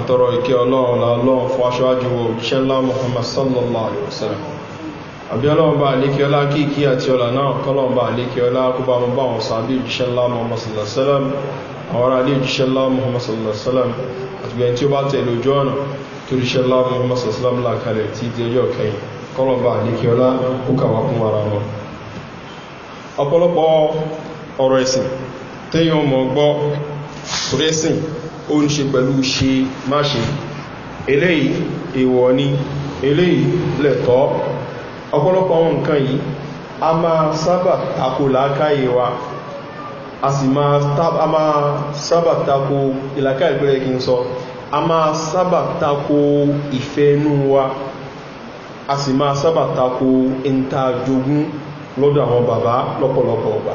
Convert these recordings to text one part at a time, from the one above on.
àtọrọ ìkẹ́ ọlọ́run lọ́lọ́run fún aṣọ́wájú ṣẹ́lá muhammad sallallahu alaihi wasallam àbí ọlọ́run bá àlékẹ́ ọlá kíkí àti ọlá náà kọ́lọ́run bá àlékẹ́ ọlá kó bá mú bá wọn sàbí ìjíṣẹ́lá muhammad sallallahu alaihi wasallam kún ara wọn ọ̀pọ̀lọpọ̀ ọ̀rọ̀ ẹ̀sìn téèyàn mọ̀ gbọ́ orí ó ń ṣe pẹ̀lú ṣe má ṣe eléyìí èwọ̀ ni eléyìí lẹ̀tọ́ ọ̀pọ̀lọpọ̀ àwọn nǹkan yìí a máa sábà tako làákàyè wa a sì máa sábà tako ìlàkàyè pẹ́rẹ́ kí n sọ a máa sábà tako ìfẹ́ inú wa a sì máa sábà tako ìntàjogún lọ́dọ̀ àwọn bàbá lọ́pọ̀lọpọ̀ ọgbà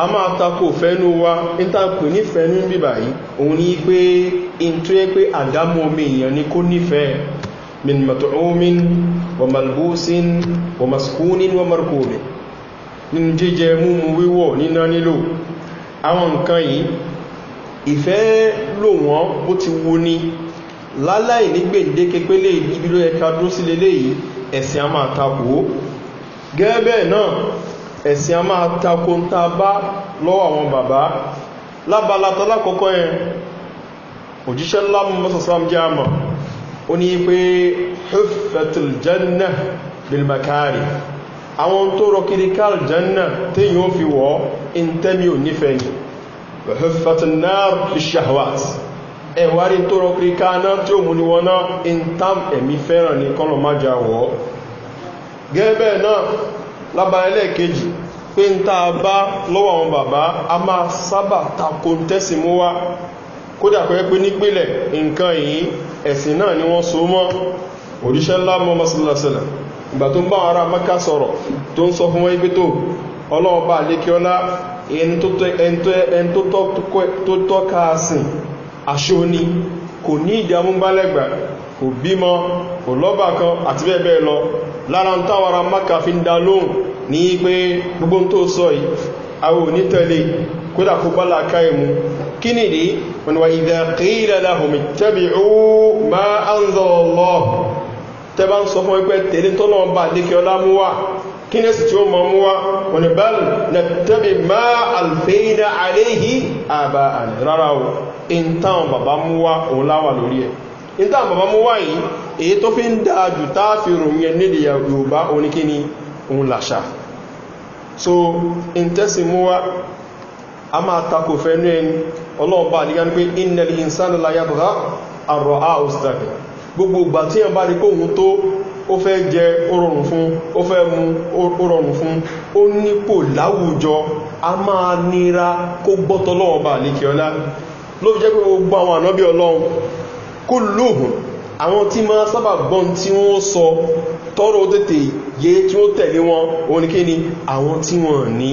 a máa takò fẹ́nú wa ń tàpè ní fẹ́nú bíbà yìí òun ní pé in tó yẹ pé àdámú omi èèyàn ni kó nífẹ̀ẹ́ min matu'umin wa malbusin wa maskunin wa markomi nínú jíjẹ múmu wíwọ̀ níná nílò àwọn nǹkan yìí ìfẹ́ lò wọ́n bó ti wo ni láláì ní gbèǹdéke pé lè ibi ló yẹ ká dúró sí lélẹ́yìí ẹ̀sìn a máa takò gẹ́gẹ́ bẹ́ẹ̀ náà ẹ̀sìn a máa tako ń ta bá lọ́wọ́ àwọn bàbá lábala tọ́lá kọ́kọ́ yẹn òjíṣẹ́ ńlá mọ́sàsán jẹ́ àmà ó ní pé hufetul janna bilmakari àwọn tó rọ kiri kal janna tí yíó fi wọ́ in tẹ́mi ò nífẹ́ ni nar bishahwat ẹ̀wárí tó rọ kiri kaná tí ó mú ni wọ́n náà in tam ẹ̀mí fẹ́ràn ní kọ́lọ̀ má wọ́ gẹ́gẹ́ náà lábára ẹlẹ́ẹ̀kejì pé ń tàà bá lọ́wọ́ àwọn bàbá a máa sábà takò tẹ́sì mú wá kódà pẹ́ pé nkan nǹkan yìí ẹ̀sìn náà ni wọ́n so mọ́ òríṣẹ́ mọ́ masalasala ìgbà tó ń bá kò bímọ kò lọ́bà kan àti bẹ́ẹ̀bẹ́ẹ̀ lọ lára ń táwara maka fi ń dá lóhùn ní pé gbogbo tó sọ yìí àwọn onítẹ̀lé kódà kó bá láàká ìmú kí ni dé wọn wà ìdẹ̀ kílẹ̀ láhùn tẹ́bí ó bàbá mú wá òun láwà lórí ẹ̀ ìta bàbá mú wáyìí èyí tó fi ń dáa jù táàfi ròyìn nílì yorùbá oníkíní òun làṣà so in tẹ́sí mú wá a máa takò fẹ́nú ẹni ọlọ́ọ̀bá àdígá ní pé inel insana layabra àrọ̀ àùsítàkì gbogbo ìgbà tí yẹn bá rí kóhun tó ó fẹ́ jẹ orọrùn fún ó ló jẹ́ pé gbogbo àwọn ànábí ọlọ́run kó lóògùn àwọn tí ma sábà gbọ́n tí wọ́n sọ tọ́rọ tètè yé tí ó tẹ̀lé wọn òun kí ni àwọn tí wọ́n ní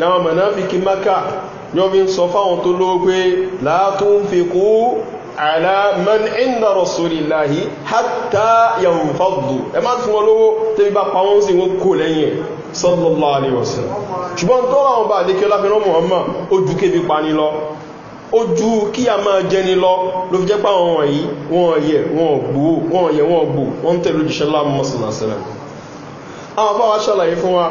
láwọn mọ̀náfikí maka yọ́ fi ń sọ fáwọn tó ló pé látún fi kú àlàmán ìndà rọ̀sùrì láhí hátà yàwùn fọ́dù ẹ má fún olówó tẹ́bí bá ojú kí a máa jẹni lọ ló fi jẹ́pá wọn wọ̀nyí wọn yẹ wọn gbò wọn yẹ wọn gbò wọn ń tẹ̀lú jíṣẹ́ lámọ́sánà sẹ́lẹ̀ àwọn bá wá ṣàlàyé fún wa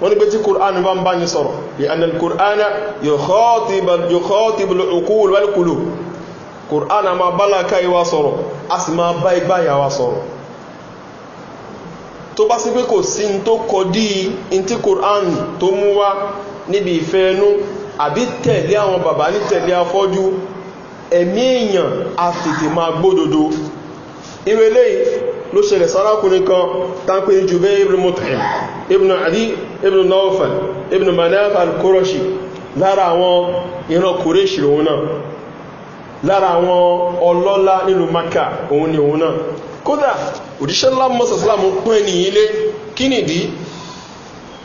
wọ́n ni pé tí kùránì bá ń bá ní sọ̀rọ̀ lè anil kùránì yóò tìbìlì òkúwòl wẹ́lkùlù kùránì ma bá àbí tẹ̀lé àwọn bàbá ní tẹ̀lé afọ́jú ẹ̀mí èèyàn a tètè máa gbódodo irú ilé ló ṣẹlẹ̀ sárákùnrin kan tánpé jùbẹ́ ibn mut'im ibn adi ibn naufal ibn manaf al-kurashi lára àwọn ìran kòrèṣì òun náà lára àwọn ni òun náà kódà òdíṣẹ́lá mọ́sàsílámù pín ẹni ilé kí nìdí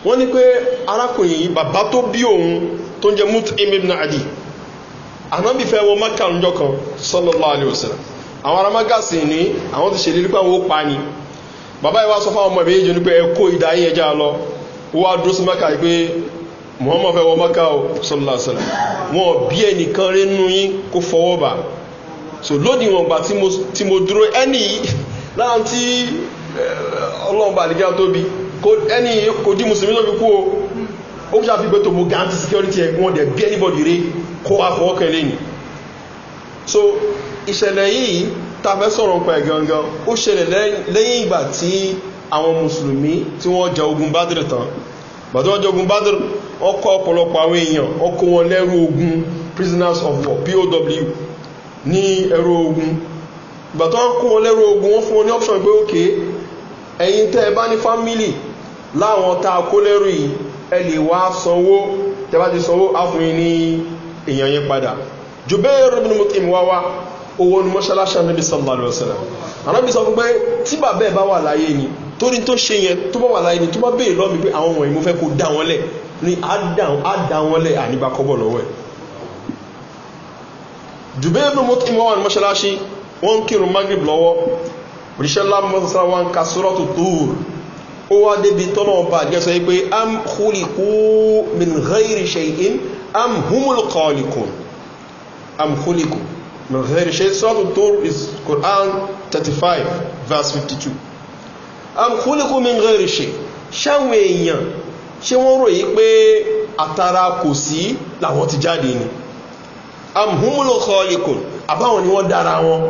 wọ́n ní pé arákùnrin yìí bàbá tó bí òun tó ń jẹ́ mutim ibn adi anabi fẹ́ wọ maka ńjọ kan sọlọlọ alẹ́ òsèlè àwọn ará maka sì ní àwọn ti ṣèlérí pé àwọn ó pa ni bàbá yìí wá sọ fáwọn ọmọ ìbí yìí jẹ́ nípa ẹ ìdá yẹn já lọ wọ́n á dúró sí maka yìí pé muhammad wọ maka wọn bí ẹnìkan rẹ nù yín kó fọwọ́ so wọn gbà tí mo dúró tí eh, ó ṣe àfihàn tó mo guarantee security ẹ̀gbọ́n dẹ̀ bí anybody rí kó wá fọwọ́ lẹ́yìn so ìṣẹ̀lẹ̀ yìí ta fẹ́ sọ̀rọ̀ pa ẹ̀ gangan ó ṣẹlẹ̀ lẹ́yìn ìgbà tí àwọn mùsùlùmí tí wọ́n jẹ ogun bádìrì tán bàtí wọ́n jẹ ogun bádìrì wọ́n ọ̀pọ̀lọpọ̀ àwọn èèyàn wọ́n wọn lẹ́rú ogun prisoners of war pow ní ẹrú ogun bàtí wọ́n kó wọn lẹ́rú ogun wọ́n fún wọn ní option pé òkè ẹ̀yin tẹ́ ẹ bá ní fámìlì láwọn tá kó lẹ́rú yìí ẹ lè wá sanwó tẹ́bá ti sanwó áfún ní èèyàn yẹn padà jùbẹ́rù ní mọ́kìm wá wá owó ní mọ́ṣálásá níbi sọ́lọ́lọ́sọ́lá anábi sọ fún pé tí bàbẹ́ bá wà láyé ni tó ni tó bá bèèrè lọ́mí pé àwọn wọ̀nyí mo fẹ́ kó dá wọn lẹ̀ ní àdá wọn lẹ̀ àníbà kọ́bọ̀ lọ́wọ́ tóòrù ó wá débi tọ́nà ọba àdíyẹ́ sọ wípé am khuliku min ghairi shay'in am humul khaliqun am khuliku min ghairi shay'in surah tur is quran 35 verse 52 am khuliku min ghairi shay'in ṣáwọn èèyàn ṣé wọ́n rò yí pé àtàrà kò sí làwọn ti jáde ni am humul khaliqun àbáwọn ni wọ́n dára wọn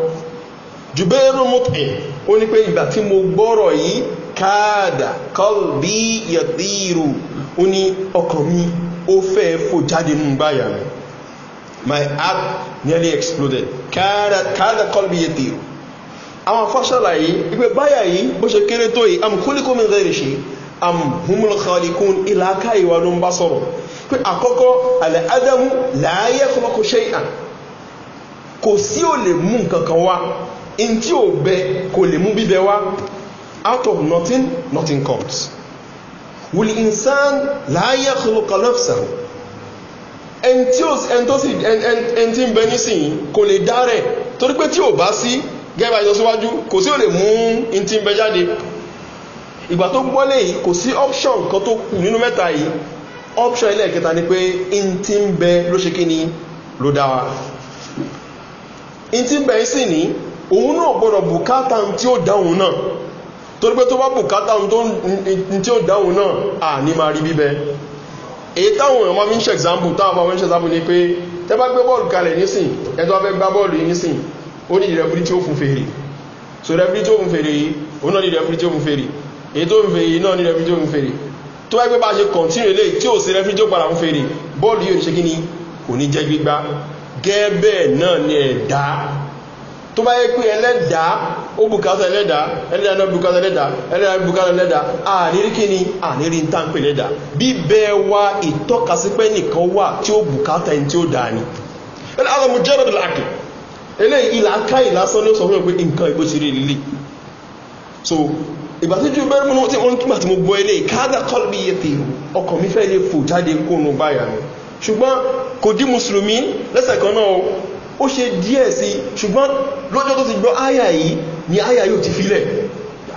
jùbẹ́rún mọ́tẹ̀ ó ní pé ìgbà tí mo gbọ́rọ̀ yìí káàdà kọlbí yàtírù ó ní ọkàn mi ó fẹ́ fò jáde nù báyà mi my heart nearly exploded káàdà kọlbí yàtírù àwọn afọ́ṣọ́lá yìí ipé báyà yìí bó ṣe kéré tó yìí am kúlíkómi rẹ̀ ṣe am humul khalikun ìlàkà wa ló ń bá sọ̀rọ̀ pé àkọ́kọ́ alẹ́ adamu láàyè kọlọ́kọ ṣe àn kò sí ò kan wá in tí ò bẹ kò lè mú bíbẹ out of nothing nothing comes will insan láyé kúrúkọ lọ́fṣà ẹni tí ó ẹni tí ń bẹ nísìnyí kò lè dá rẹ̀ torí pé tí ò bá sí gẹ́gbà ìjọsíwájú kò sí ò lè mú in tí ń bẹ jáde ìgbà tó gbọ́lé yìí kò sí option kan tó kù nínú mẹ́ta yìí option ilẹ̀ ìkẹta ni pé in tí ń bẹ ló ṣe kí ni ló dá wa in tí ń bẹ sí ni òun náà gbọ́dọ̀ bùkátà tí ó dáhùn náà torí pé tó bá bùkátà tí ó dáhùn náà à ní máa rí bíbẹ èyí táwọn èèyàn máa ń ṣe example táwọn máa fi ń ṣe ni pé tẹ́ bá gbé bọ́ọ̀lù kalẹ̀ nísìn ẹ̀tọ́ fẹ́ gbá bọ́ọ̀lù yìí nísìn ó ní ìrẹ́fúrí tí ó fún fèrè so rẹ́fúrí tí ó fún fèrè yìí ó náà ní ìrẹ́fúrí tí ó fún fèrè èyí tó fún fèrè yìí náà ní ìrẹ́fúrí tí ó fún fèrè tó wáyé pé bá ṣe kọ̀ntínú ilé tí ò sí rẹ́fúrí tí ó padà fún fèrè bọ́ọ̀lù yìí ò ní ṣe kí ni kò ní jẹ́ gbígbá gẹ́ẹ́ bẹ́ẹ̀ náà ni ẹ̀dá tó bá yẹ pé ẹlẹ́dàá ó bùkátà ẹlẹ́dàá ẹlẹ́dàá náà bùkátà ẹlẹ́dàá ẹlẹ́dàá bùkátà ẹlẹ́dàá àníri kí ni àníri ń tán pè lẹ́dàá bí bẹ́ẹ̀ wá ìtọ́kasípẹ́ nìkan wà tí ó bùkátà ẹni tí ó dáa ni ẹni àwọn ọmọ jẹ́rọ̀ dìlà kì eléyìí ìlà ká ìlà sọ ní ó sọ fún mi nǹkan ìbò ṣe rí lílì so ìgbà tí ju bẹ́ẹ̀ mú tí wọ́n túmọ̀ tí mo gbọ́ eléyìí káàdà kọ́lù bí yẹ tèèrè ọkọ̀ mi fẹ́ lè fò jáde kóònù báyà ṣùgbọ́n kò dí mùsùlùmí lẹ́sẹ̀ náà ó ṣe díẹ̀ sí ṣùgbọ́n lọ́jọ́ tó ti gbọ́ àyà yìí ni àyà yóò ti filẹ̀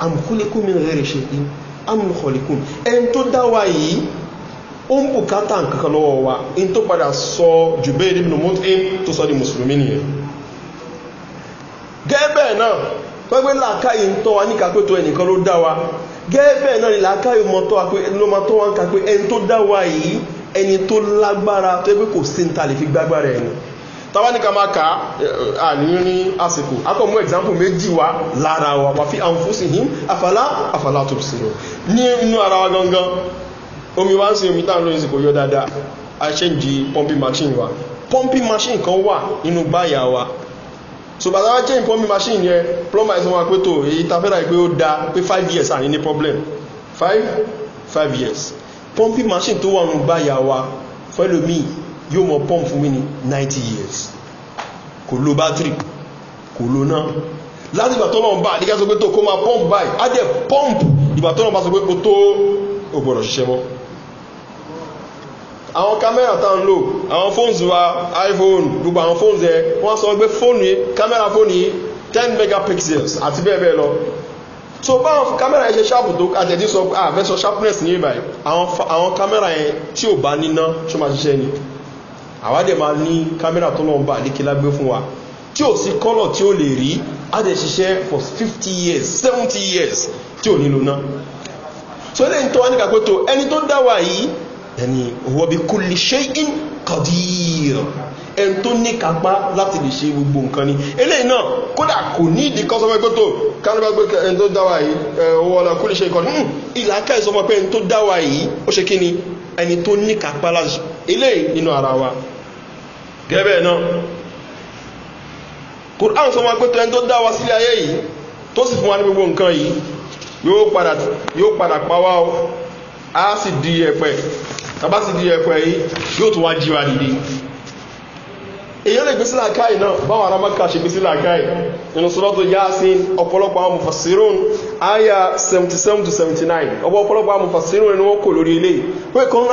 amkhuliqu min ghairi shay'in am khuliqun ẹn tó dáwà yìí ó ń bùkátà nǹkan lọ́wọ́ wa in tó padà sọ Jubayr ibn Mut'im tó sọ di mùsùlùmí nìyẹn gẹ́ẹ̀bẹ̀ náà pẹ́gbẹ́ làkáyì ń tọ́ wa ní kàpé tó ẹnìkan ló dá wa gẹ́ẹ̀bẹ̀ náà ni làkáyì ló ma tọ́ wa ń tàbáníkà máa ká àníní àsìkò akọ̀mú example méjì wá lára wa wà fi àwọn fúsì yìí àfàlá àfàlá tó sínú ní inú ara wa gangan omi wá ń sin omi táà lóyìn ìsìnkò yọ dáadáa a ṣe pumping machine wa pumping machine kan wà nínú báyà wa so bàtà wá jẹ́ pumping machine yẹn plumber ẹ̀sán wa pé tó èyí tafẹ́ra pé ó da pé five years àní ní problem five five years pumping machine tó wà nínú báyà wa fẹ́lómìí yóò mọ̀ pọ́m fún mi ní 90 years kò lo bátírì kò lo náà láti ìgbà tọ́lọ́run bá nígbà sọ pé tó kó máa pọ́mp báyìí á dẹ̀ pọ́mp ìgbà tọ́lọ́run bá sọ pé kó tó ò gbọ́dọ̀ ṣiṣẹ́ mọ́ àwọn kámẹ́rà táwọn lò àwọn fóònù wa iphone gbogbo àwọn fóònù ẹ wọ́n sọ pé fóònù yìí kámẹ́rà fóònù yìí 10 megapixels àti bẹ́ẹ̀ bẹ́ẹ̀ lọ so báwọn kámẹ́rà yẹn ṣe ṣáàpù tó àtẹ̀dí sọ pé àfẹ́sọ sharpness ní ìbàyìí àwọn kámẹ́rà yẹn tí ò bá níná ṣó máa ṣiṣẹ́ ni àwádẹ̀ ma ní kámẹ́rà tó lọ́wọ́ bá àdíkílá gbé fún wa tí ò sí kọ́lọ̀ tí ó lè rí á dẹ̀ ṣiṣẹ́ for fifty years seventy years tí ò nílò náà so ilé ń tọ́ wá ní kàpẹ́tò ẹni tó dá wa yìí ẹni wọ́bi kò lè ṣe in kàdír ẹni tó ní kápá láti lè ṣe gbogbo nǹkan ni eléyìí náà kódà kò ní ìdí kan sọ pé tó kánúbà hmm, pé ẹni tó dá wa yìí ọwọ́ ọ̀la kò lè ṣe ìkọ́ni ìlàkà ìsọmọ ẹni tó ní kápá láti ilé nínú ara wa gẹ́bẹ̀ náà kùrán sọ wọn pé tó ẹni tó dá wa sílé ayé yìí tó sì fún wa ní gbogbo nǹkan yìí yóò padà pa wá o a sì di ẹ̀pẹ̀ tàbá sì di ẹ̀pẹ̀ yìí yóò tún wá jí wa èyí lè gbésí làkáì náà báwọn ará maka ṣe gbésí làkáì nínú sọ́lọ́tò yasin ọ̀pọ̀lọpọ̀ àwọn mufasirun aya 77-79 ọgbọ́ ọ̀pọ̀lọpọ̀ àwọn mufasirun ni wọ́n lórí ilé pé kan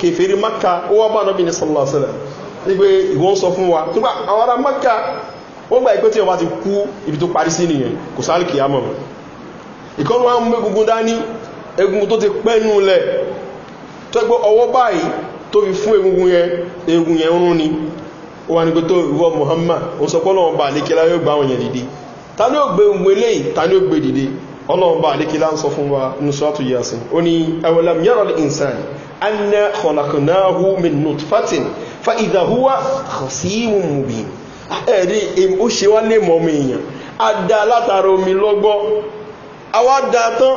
kèfèrí maka ó wá bá nọ́bí ní sọ́lọ́sẹ̀lẹ̀ igwe ìwọ́n sọ fún wa tó àwọn ará maka wọ́n ibi tó parí sí nìyẹn kò sáré kìí àmọ́ egungun dání egungun tó ti lẹ̀ tó fún egungun yẹn yẹn rún ó wà ní pé tó ìwọ muhammad ó sọ pé ọlọ́run bá àlékílá yóò gbá àwọn èèyàn dìde ta ni ó gbé ohun eléyìí ta ni ó gbé dìde ọlọ́run bá àlékílá ń sọ fún wa ní sọ́tù ó ní ẹwọlẹ́m yàrá anna kọlakọnahu min nutfatin fa ìdáhùwà kọsíwùn mùbí ẹ̀rí ó ṣe wá lè mọ́ ọmọ èèyàn a dá látara omi lọ́gbọ́ àwa dá tán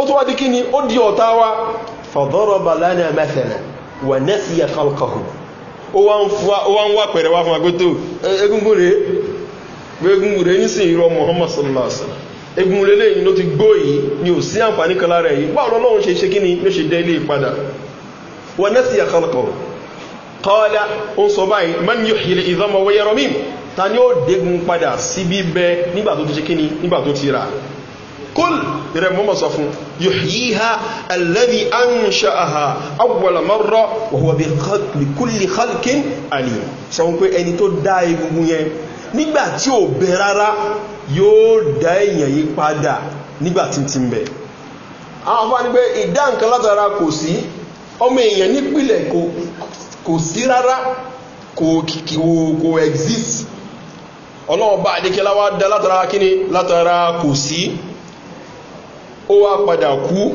ó tó wá di kí ni ó di ọ̀tá wa fọ̀dọ́rọ̀ bàlánà mẹ́fẹ̀rẹ̀ wà nẹ́sì ẹ̀kọ́lọ́kọ̀ọ́ ó wá ń nwa pẹ̀rẹ̀ wá fún agbótó egungun rẹ̀ egungun rẹ̀ ní sí ìrọ̀ muhammad sallallahu alaihi wasallam egungun rẹ̀ ti gbó yìí ni ò sí àǹfààní kan lára yìí báwo lọ́wọ́ ṣe ṣe kí ni ló ṣe dé ilé ta ni padà kúl ìrẹ̀ mọ́mọ̀ sọ fún yìíhá alẹ́bí an ṣa'aha agbọ̀lọ̀mọ́rọ̀ wọ̀wọ̀bí kúlì halkin alì sọ pé ẹni tó dá egungun yẹn nígbàtí ò bẹ rárá yóò dá èyàn yí padà nígbàtí ti ń bẹ àwọn afá ní pé ìdá nǹkan látara kò sí ọmọ èèyàn nípìlẹ̀ kò sí rárá kò exist ọlọ́ọ̀bá àdékẹ́lá wá dá látara kíni látara kò sí ó wá padà kú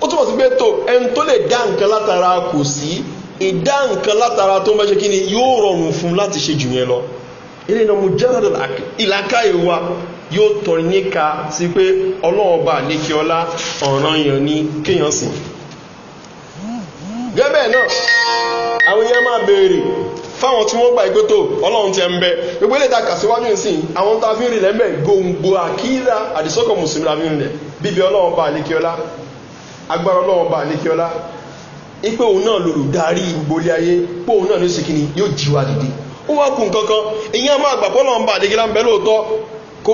ó túnbọ̀ sí pé tó ẹni tó lè dá nǹkan látara kò sí ìdá nǹkan látara tó ń kí ni yóò rọrùn fún láti ṣe jù yẹn lọ ilé ìnáwó jẹ́rọ̀dọ̀ ìlàkàyè wa yóò tọ̀ níka sí pé ọlọ́ọ̀bà lékè ọlá ọ̀ràn yàn ní kéèyàn sìn gẹ́bẹ̀ náà àwọn èèyàn máa béèrè fáwọn tí wọ́n gba ìgbótó ọlọ́run ti ń bẹ gbogbo ilé síwájú ìsìn àwọn tá a fi ń rìn lẹ́mẹ̀ gbòǹgbò àkíyíra àdìsọ́kọ̀ mùsùlùmí la fi ń rìn ọlọ́run bá agbára ọlọ́run bá àlékiọlá ipe náà lòlùdarí darí ilé ayé pé òun náà ló sì yóò dìde ó wá nkankan ìyẹn máa gbà bá ń bẹ lóòótọ́ kó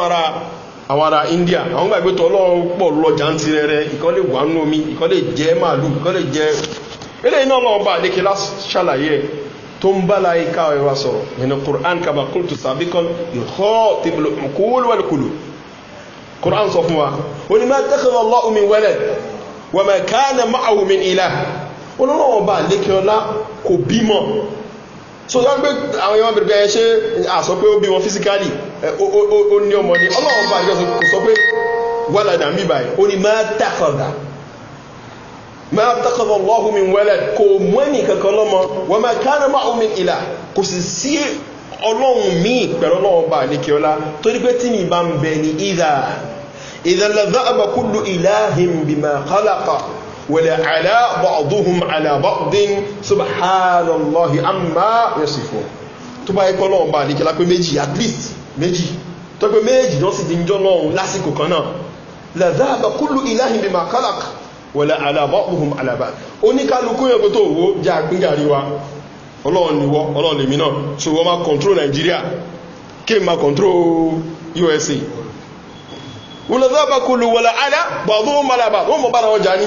wà àwọn ará india àwọn gbàgbé tọ́ ọlọ́run pọ̀ lọ́jà ń ti rẹrẹ ìkan lè wà nú omi ìkan lè jẹ́ màálù ìkan lè jẹ́ ilé iná ọlọ́run bá àdékè láṣàlàyé tó ń bá láyé káwé sọ̀rọ̀ nínú quran kaba kúlùtù sàbíkan ìhọ́ tìbìlì kúlùwẹ̀lùkùlù so tó ń pé àwọn èèyàn bẹ̀rẹ̀ bẹ̀rẹ̀ ṣe àsọ pé ó bí wọn físíkálì ó ní ọmọ ní ọlọ́run bá ìjọsìn kò sọ pé wà ládà ń bí báyìí ó ní máa tàkọ̀dà máa tàkọ̀dà lọ́hùn mi wẹ́lẹ̀ kò mọ́ ní kankan lọ́mọ wọ́n máa kánà máa omi ìlà kò sì sí ọlọ́run míì pẹ̀lú ọlọ́run bá ní kí ọlá torí pé tí mi bá ń bẹ ní ìlà ìlà lọ́dọ̀ àbàkúlù ìlà hìm bìmà kálákà wẹ̀lẹ̀ àìlábọ̀ ọ̀dúnhùn àìlábọ̀ dín subhanallah amma yẹsìfò tó bá ikọ́ náà bá àdíkẹ́lá pé méjì at least méjì tó pé méjì lọ́ sí díjọ́ náà lásìkò kan náà lẹ́dáàbà kúlù ìláhìn bí makalak wẹ̀lẹ̀ àìlábọ̀ ọ̀dúnhùn àìlábà oníkálukú yẹn tó wó já gbígbàrí wa wọ́n máa control nigeria kí usa wọ́n lọ́dọ́ bá kúlù wọ́lá àdá bọ̀ ọdún mọ́lábà wọ́n mọ̀ bára ọjà ní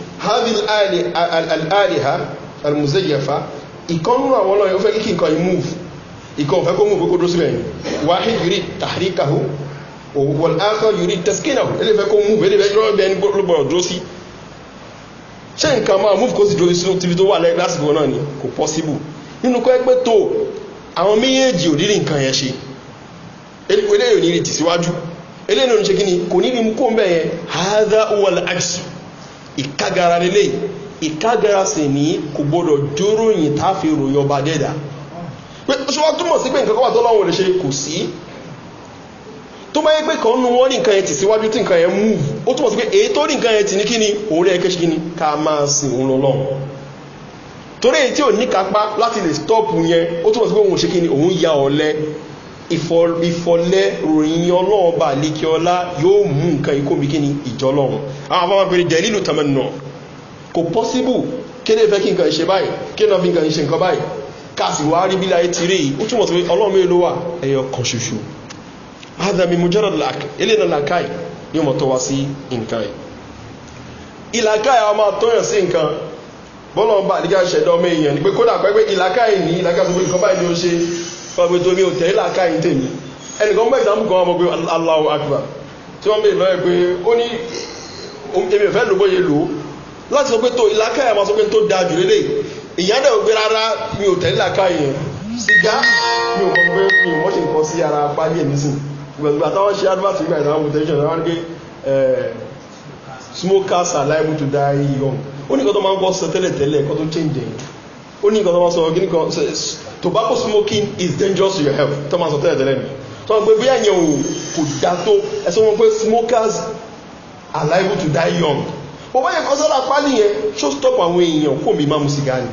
having al-aliha al-muzayyafa ìkọ́nú àwọn ọlọ́run ó fẹ́ kíkì nǹkan imove ìkọ́ òfẹ́ kó mú òfẹ́ kó dó sílẹ̀ yìí wáhí yìí rí tàríkàhù wọ́n ákọ́ yìí rí tẹ́skínàhù ilé fẹ́ kó mú òfẹ́ ilé fẹ́ bẹ́ẹ̀ ní gbọ́dọ̀ dúró sí ṣé nǹkan máa move kó sì dúró sí tv tó wà lásìkò náà ni kò possible nínú kọ́ ẹgbẹ́ tó àwọn méjèèjì ò nírí nǹkan yẹn ṣe eléyìí ò ní rí tìsíwájú eléyìí ò ní ni kò ní rí mú kó ń bẹ̀ yẹn hadha wal ajisu ìkágara lélẹ̀ ìkágara sì ní kò gbọdọ̀ dúró yìn tá fi ròyìn ọba dẹ́dà pé ṣe wọ́n túmọ̀ sí pé nǹkan kan wà tó láwọn lè ṣe kò sí tó bá yẹ pé kan nu wọ́n ní nǹkan yẹn tì síwájú tí nǹkan yẹn move ó túmọ̀ sí pé èyí tó ní nǹkan yẹn tì ní kíni òun rẹ̀ kéṣe kíni ká máa sin òun lọ́lọ́ torí èyí tí ò ní kápá láti lè stop yẹn ó túmọ̀ sí pé òun ò ṣe kíni òun ya ọ̀lẹ́ ìfọ̀lẹ́ ròyìn ọlọ́ọ̀bà lékí ọlá yóò mú nǹkan ikómi kí ni ìjọlọ́run àwọn afọ́mọ́ pèrè jẹ́ lílù tàmẹ́nà kò pọ́síbù kéde fẹ́ kí nǹkan ṣe báyìí kí náà fi nǹkan ṣe nǹkan báyìí káàsì wá rí bílá ti rí mujara lak eléyìí làkàì yóò mọ̀ tó wá sí nǹkan yìí ìlàkàì àwọn máa tọ́yàn sí nǹkan bọ́lọ̀ ń bá ni pé kódà ni ó ọgbẹ́ torí ò tẹ̀lé làákà yìí tèmi ẹnìkan mọ́ ìsàmù kan ọmọ pé aláwọ̀ àgbà tí wọ́n bèèrè lọ́yẹ̀ pé ó ní èmi ò fẹ́ lò bóyá lò ó láti sọ pé tó ìlàkà yà máa sọ pé tó da jù lélẹ̀ ìyáńdẹ̀ ò gbé rárá mi ò tẹ̀lé làákà yìí sìgá mi ò mọ̀ pé mi ò mọ̀ ṣe nǹkan sí ara pálí ẹ̀mí sìn gbẹ̀gbẹ̀ àtàwọn ṣe advert ìgbà ìdáwọn mutation àwọn ní pé smokers are liable to die young ó ní kọ́ tó máa ń kọ́ sọ tẹ́lẹ̀ tẹ́lẹ̀ ó ní nǹkan tó máa sọ gíní kan tobacco smoking is dangerous to your health tó máa sọ tẹ́lẹ̀ tẹ́lẹ̀ mi tó máa pé bí ẹ̀yàn ò kò dá tó ẹ̀sọ́ wọn pé smokers are liable to die young bọ́ báyẹn kan sọ́lá pálí yẹn ṣó stop àwọn èèyàn kó mi máa mu sìgá ni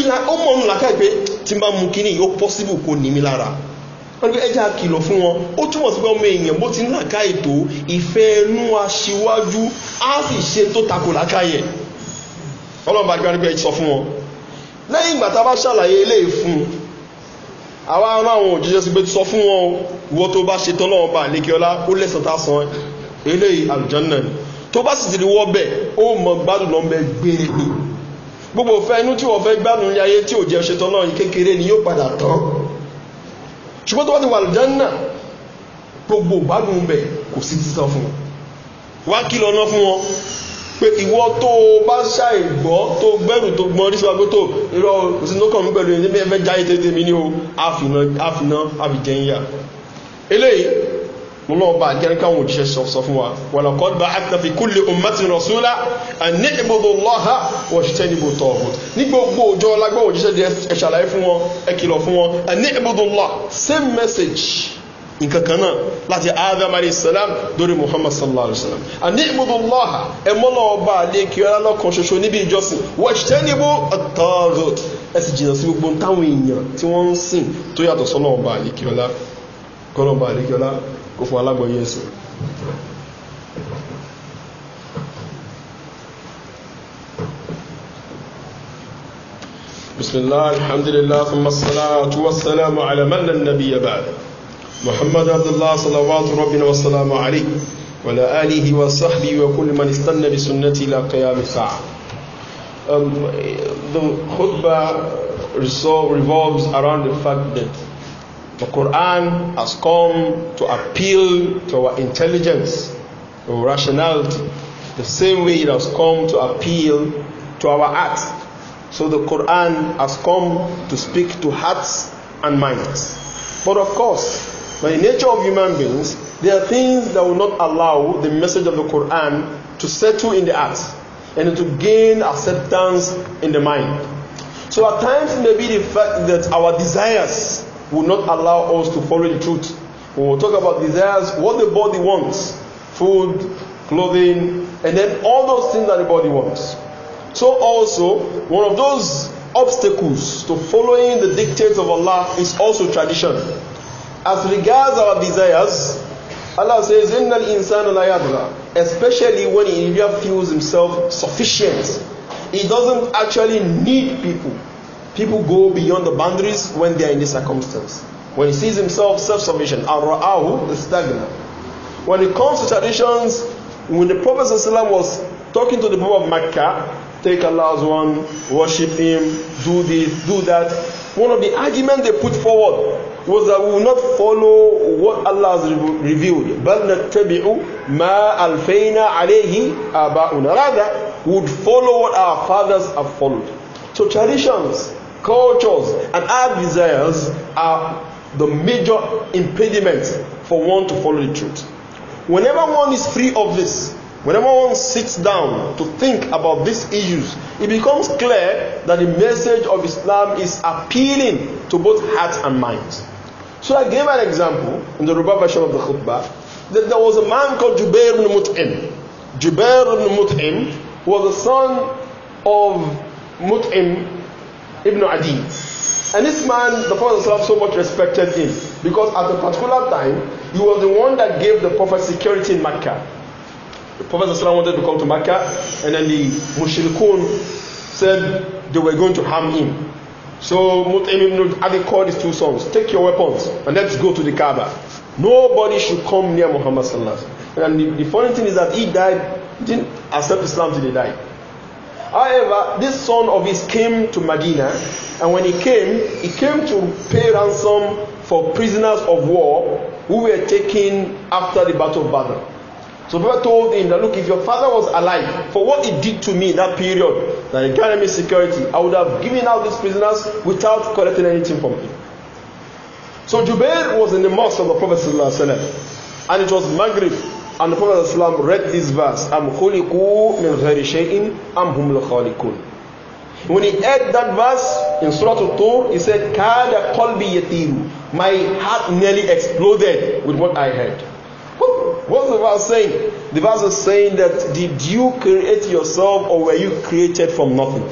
ìlà ó mọ̀ nù làkàì pé tí máa mu kíní ó possible kó ní mi lára wọ́n ní ẹja kìlọ̀ fún wọn ó túnmọ̀ sí pé ọmọ èèyàn bó ti ń làkà ètò ìfẹ́ ẹnu aṣíwájú á sì ṣe tó takò làkàyẹ̀ ọlọ́run bá gbára pé ẹ sọ fún wọn lẹ́yìn ìgbà tá a bá ṣàlàyé eléyìí fún un àwa aráwọn òjíṣẹ́ sí pé sọ fún wọn ìwọ tó bá ṣe tọ́lọ́wọ́n bá àlékiọlá ó lẹ́sàn tá san eléyìí àlùjánná tó bá sì ti di wọ́ bẹ̀ ó mọ gbádùn lọ́n ni gbogbo òfẹ́ inú tí wọ́n fẹ́ gbádùn ní ayé tí ò jẹ́ ṣe tọ́lọ́wọ́n yìí kékeré ni yóò padà tán ṣùgbọ́n tó bá ti wà àlùjánná gbogbo gbádùn pé ìwọ tó o bá ṣàì gbọ́ tó gbẹ́rù tó gbọ́n rí síwájú tó irọ́ òsínlókàn mi pẹ̀lú ẹni bẹ́ẹ̀ fẹ́ jáyé tètè mi ní o àfìná àbìjẹ́yà eléyìí mo lọ́wọ́ bá àjẹ́rí káwọn òjíṣẹ́ sọ fún wa wàlọ́kọ́d bá àtàfi kúlè òmàtí rọ̀súlá àní ìbòbò lọ́ha wọ̀ṣítẹ́ níbo tọ̀ọ̀bù ní gbogbo òjò ọlágbọ́ òjíṣẹ́ ẹ̀ṣàlàyé fún wọn ẹkìlọ̀ fún wọn àní ìbòbò lọ́ same message nkankan náà láti adam alayhisalam dórí muhammad sallallahu alayhi wa sallam àní ibùdókòlọ́hà ẹ̀mọ́lọ́ ọba àlékí ọlọ́kan ṣoṣo níbi ìjọsìn wọ́ṣítẹ́nìbó ọ̀tọ́ọ̀rọ̀ ẹ sì jìnnà sí gbogbo táwọn èèyàn tí wọ́n ń sìn tó yàtọ̀ sọ́nà ọba àlékí ọlá kọ́nà ọba àlékí ọlá kó fún alágbọ̀nyé ẹ̀sìn بسم الله الحمد لله ثم الصلاة والسلام على من النبي بعد محمد عبد الله صلوات ربنا والسلام عليه ولا آله وصحبه وكل من استنى بسنته إلى قيام الساعة um, The khutbah revolves around the fact that the Quran has come to appeal to our intelligence, our rationality, the same way it has come to appeal to our hearts. So the Quran has come to speak to hearts and minds. But of course, By in nature of human beings, there are things that will not allow the message of the Quran to settle in the heart and to gain acceptance in the mind. So at times, maybe the fact that our desires will not allow us to follow the truth. We will talk about desires, what the body wants food, clothing, and then all those things that the body wants. So, also, one of those obstacles to following the dictates of Allah is also tradition. As regards our desires, Allah says, Innal insana la yadra. Especially when he really feels himself sufficient. He doesn't actually need people. People go beyond the boundaries when they are in this circumstance. When he sees himself self-sufficient, ar-ra'ahu istagna. When it comes to traditions, when the Prophet was talking to the people of Mecca, take Allah's one, worship Him, do this, do that, one of the arguments they put forward was that we will not follow what Allah has revealed. بَلْ نَتَّبِعُ ما ألفينا عليه آبَاؤُنَا Rather, would follow what our fathers have followed. So traditions, cultures, and our desires are the major impediments for one to follow the truth. Whenever one is free of this, whenever one sits down to think about these issues, it becomes clear that the message of Islam is appealing to both heart and mind. So I gave an example in the Rubab version of the khutbah that there was a man called Jubair ibn Mut'im. Jubair ibn Mut'im was the son of Mut'im ibn Adi. And this man, the Prophet ﷺ so much respected him because at a particular time, he was the one that gave the Prophet security in Makkah. The Prophet ﷺ wanted to come to Makkah, and then the Mushrikun said they were going to harm him. So Mut'im ibn called his two sons, take your weapons and let's go to the Kaaba. Nobody should come near Muhammad sallallahu And the, the funny thing is that he died, didn't accept Islam till he died. However, this son of his came to Medina, and when he came, he came to pay ransom for prisoners of war who were taken after the Battle of Badr. So people told him that, look, if your father was alive, for what he did to me in that period, that me security, I would have given out these prisoners without collecting anything from him. So Jubair was in the mosque of the Prophet ﷺ, and it was Maghrib, and the Prophet ﷺ read this verse, Am khuliku min ghayri shay'in am hum khaliqun. When he heard that verse in Surah Al-Tur, he said, Kada qalbi yatiru. My heart nearly exploded with what I heard. What's the verse saying? The verse is saying that did you create yourself or were you created from nothing?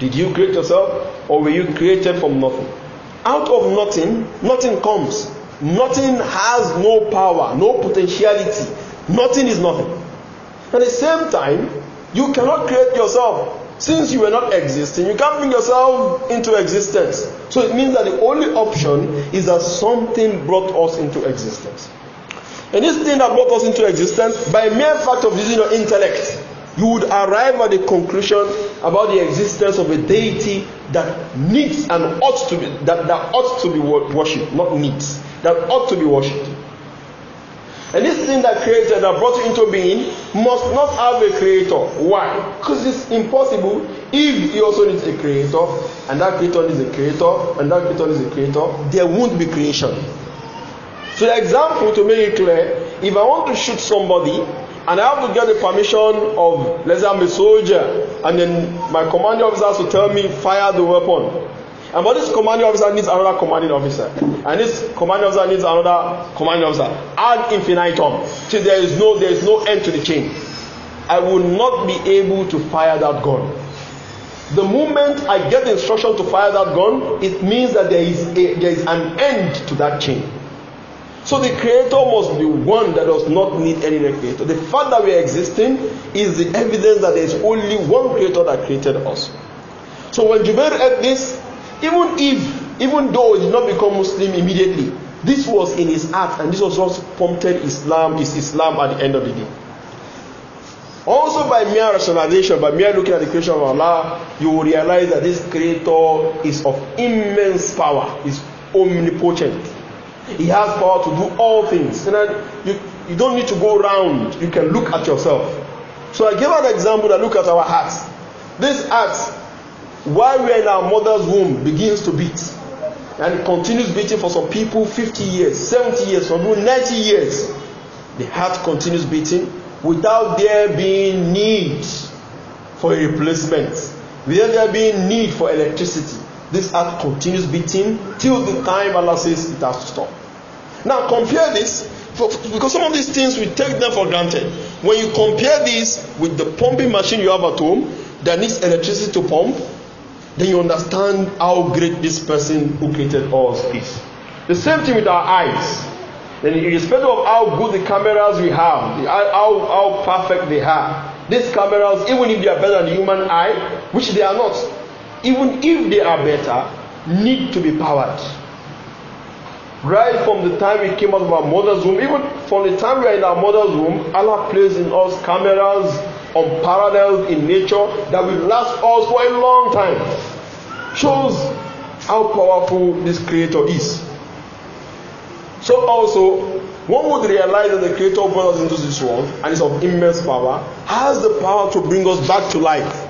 Did you create yourself or were you created from nothing? Out of nothing, nothing comes. Nothing has no power, no potentiality. Nothing is nothing. At the same time, you cannot create yourself since you were not existing you can't bring yourself into existence so it means that the only option is that something brought us into existence And this thing that brought us into existence, by mere fact of using your intellect, you would arrive at the conclusion about the existence of a deity that needs and ought to be that, that ought to be worshipped, not needs, that ought to be worshipped. And this thing that created that brought you into being must not have a creator. Why? Because it's impossible if he also needs a creator, and that creator needs a creator, and that creator needs a creator, there won't be creation. So the example to make it clear, if I want to shoot somebody and I have to get the permission of let's say I'm a soldier and then my commanding officer has to tell me fire the weapon. And but this commanding officer needs another commanding officer. And this commanding officer needs another commanding officer. Ad infinitum. Till there is no there is no end to the chain. I will not be able to fire that gun. The moment I get the instruction to fire that gun, it means that there is a, there is an end to that chain. So the creator must be one that does not need any creator. The fact that we are existing is the evidence that there is only one creator that created us. So when Jubair read this, even if, even though he did not become Muslim immediately, this was in his heart and this was what prompted Islam, is Islam at the end of the day. Also by mere rationalization, by mere looking at the creation of Allah, you will realize that this creator is of immense power, is omnipotent. He has power to do all things. You, know, you, you don't need to go round. You can look at yourself. So I gave an example that look at our hearts. This heart, while we're in our mother's womb, begins to beat. And it continues beating for some people 50 years, 70 years, some people 90 years. The heart continues beating without there being need for a replacement, without there being need for electricity This act continues beating till the time Allah says it has to stop. Now compare this for, because some of these things we take them for granted. When you compare this with the pumping machine you have at home that needs electricity to pump, then you understand how great this person who created us is. The same thing with our eyes. Then, irrespective of how good the cameras we have, the, how, how perfect they are, these cameras, even if they are better than the human eye, which they are not, even if they are better, need to be powered. Right from the time we came out of our mother's womb, even from the time we are in our mother's womb, Allah placed in us cameras unparalleled in nature that will last us for a long time. Shows how powerful this Creator is. So, also, one would realize that the Creator brought us into this world and is of immense power, has the power to bring us back to life.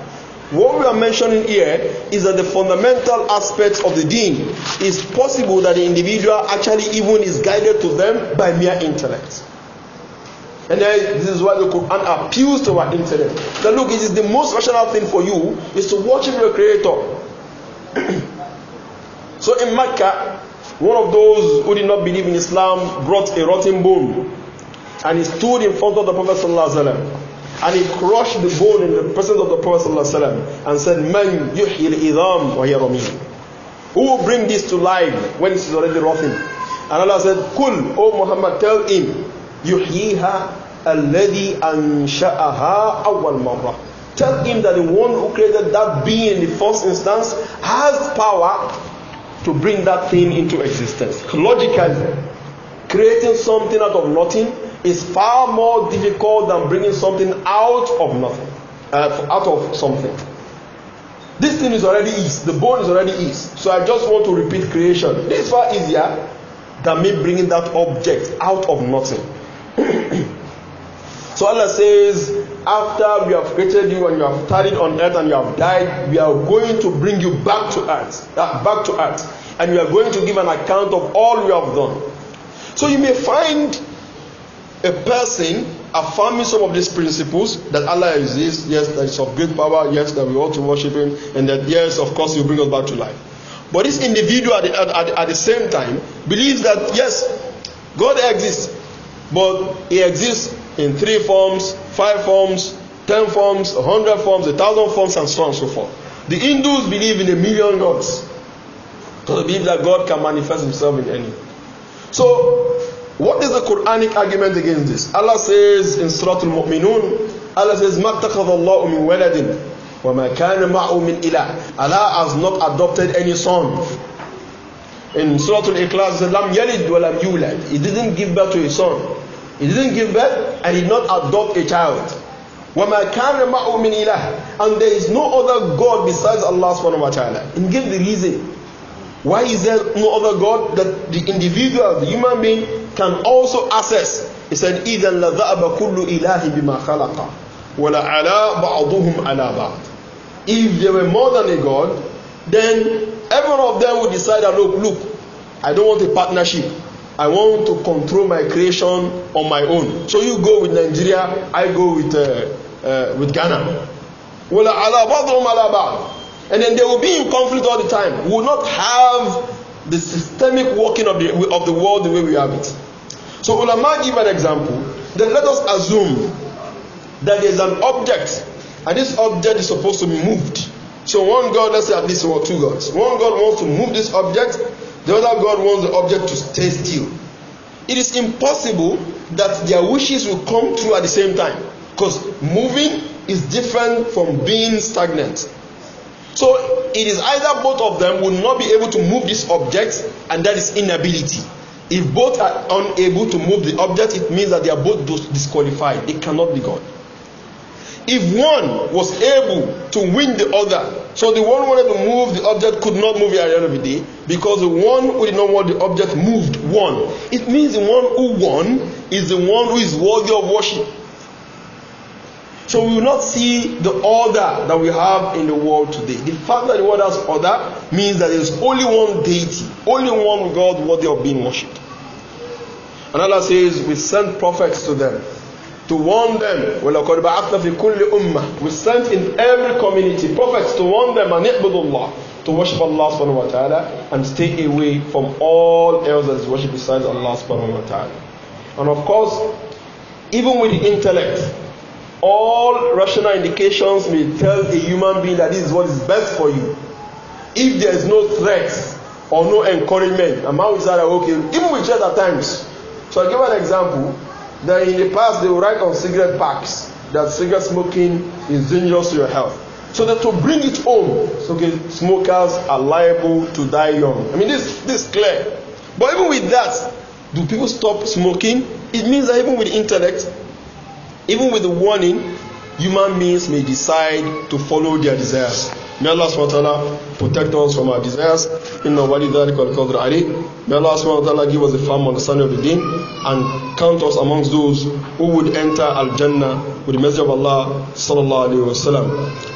What we are mentioning here is that the fundamental aspects of the deen is possible that the individual actually even is guided to them by mere intellect. And then this is why the Quran appeals to our intellect. That look, it is the most rational thing for you is to worship your creator. so in Mecca, one of those who did not believe in Islam brought a rotten bone and he stood in front of the Prophet Sallallahu Alaihi Wasallam and he crushed the bone in the presence of the Prophet ﷺ and said, Man yuhil idam wa yaramim. Who will bring this to life when it is already rotting? And Allah said, Kul, O Muhammad, tell him, Yuhyiha alladhi ansha'aha awal marra. Tell him that the one who created that being in the first instance has power to bring that thing into existence. Logically, creating something out of nothing is far more difficult than bringing something out of nothing, uh, out of something. This thing is already is. The bone is already is. So I just want to repeat creation. This is far easier than me bringing that object out of nothing. so Allah says, after we have created you and you have tarried on earth and you have died, we are going to bring you back to earth, uh, back to earth, and we are going to give an account of all we have done. So you may find a person affirming some of these principles that Allah exists, yes, that is of great power, yes, that we ought to worship Him, and that yes, of course, He will bring us back to life. But this individual at the, at, at the same time believes that yes, God exists, but He exists in three forms, five forms, ten forms, a hundred forms, a thousand forms, and so on and so forth. The Hindus believe in a million gods because they believe that God can manifest Himself in any. So What is the Quranic argument against this? Allah says in Surah Al-Mu'minun, Allah says, مَا اتَّخَذَ اللَّهُ مِنْ وَلَدٍ وَمَا كَانَ مَعُ مِنْ إِلَهٍ Allah has not adopted any son. In Surah Al-Ikhlas, لَمْ يَلِدْ وَلَمْ يُولَدْ He didn't give birth to a son. He didn't give birth and he did not adopt a child. وَمَا كَانَ مَعُ مِنْ إِلَهٍ And there is no other God besides Allah subhanahu wa ta'ala. And give the reason. Why is there no other God that the individual, the human being, can also access. He said, إِذَا لَذَأَبَ كُلُّ إِلَهِ بِمَا خَلَقَ وَلَعَلَى بَعْضُهُمْ عَلَى بَعْضٍ If there were more than a God, then every one of them would decide that, look, look, I don't want a partnership. I want to control my creation on my own. So you go with Nigeria, I go with, uh, uh, with Ghana. وَلَعَلَى بَعْضُهُمْ عَلَى بَعْضٍ And then they will be in conflict all the time. We will not have the systemic working of the, of the world the way we have it. So ulama give an example. Then let us assume that there is an object and this object is supposed to be moved. So one God, let's say at least or two gods. One God wants to move this object, the other God wants the object to stay still. It is impossible that their wishes will come true at the same time because moving is different from being stagnant. So it is either both of them will not be able to move this object and that is inability. If both are unable to move the object, it means that they are both disqualified. It cannot be God. If one was able to win the other, so the one who wanted to move the object could not move it at the end of the day because the one who did not want the object moved won. It means the one who won is the one who is worthy of worship. So we will not see the order that we have in the world today. The fact that the world has order means that there is only one deity, only one God worthy of being worshipped. Another says, We sent prophets to them to warn them. We sent in every community prophets to warn them and Allah, to worship Allah subhanahu wa ta'ala and stay away from all else that is worship besides Allah subhanahu wa ta'ala. And of course, even with the intellect, all rational indications may tell a human being that this is what is best for you. If there is no threat or no encouragement, I'm always like, okay, even with church at times, So I give an example that in the past they will write on cigarette packs that cigarette smoking is dangerous to your health. So that to bring it home, so okay, smokers are liable to die young. I mean, this this is clear. But even with that, do people stop smoking? It means that even with the intellect, even with the warning, human beings may decide to follow their desires. May Allah SWT protect us from our desires. Inna wali dhalika wal qadr ali. May Allah SWT give us a firm understanding of the deen and count us amongst those who would enter Al-Jannah with the message of Allah sallallahu alayhi wa sallam.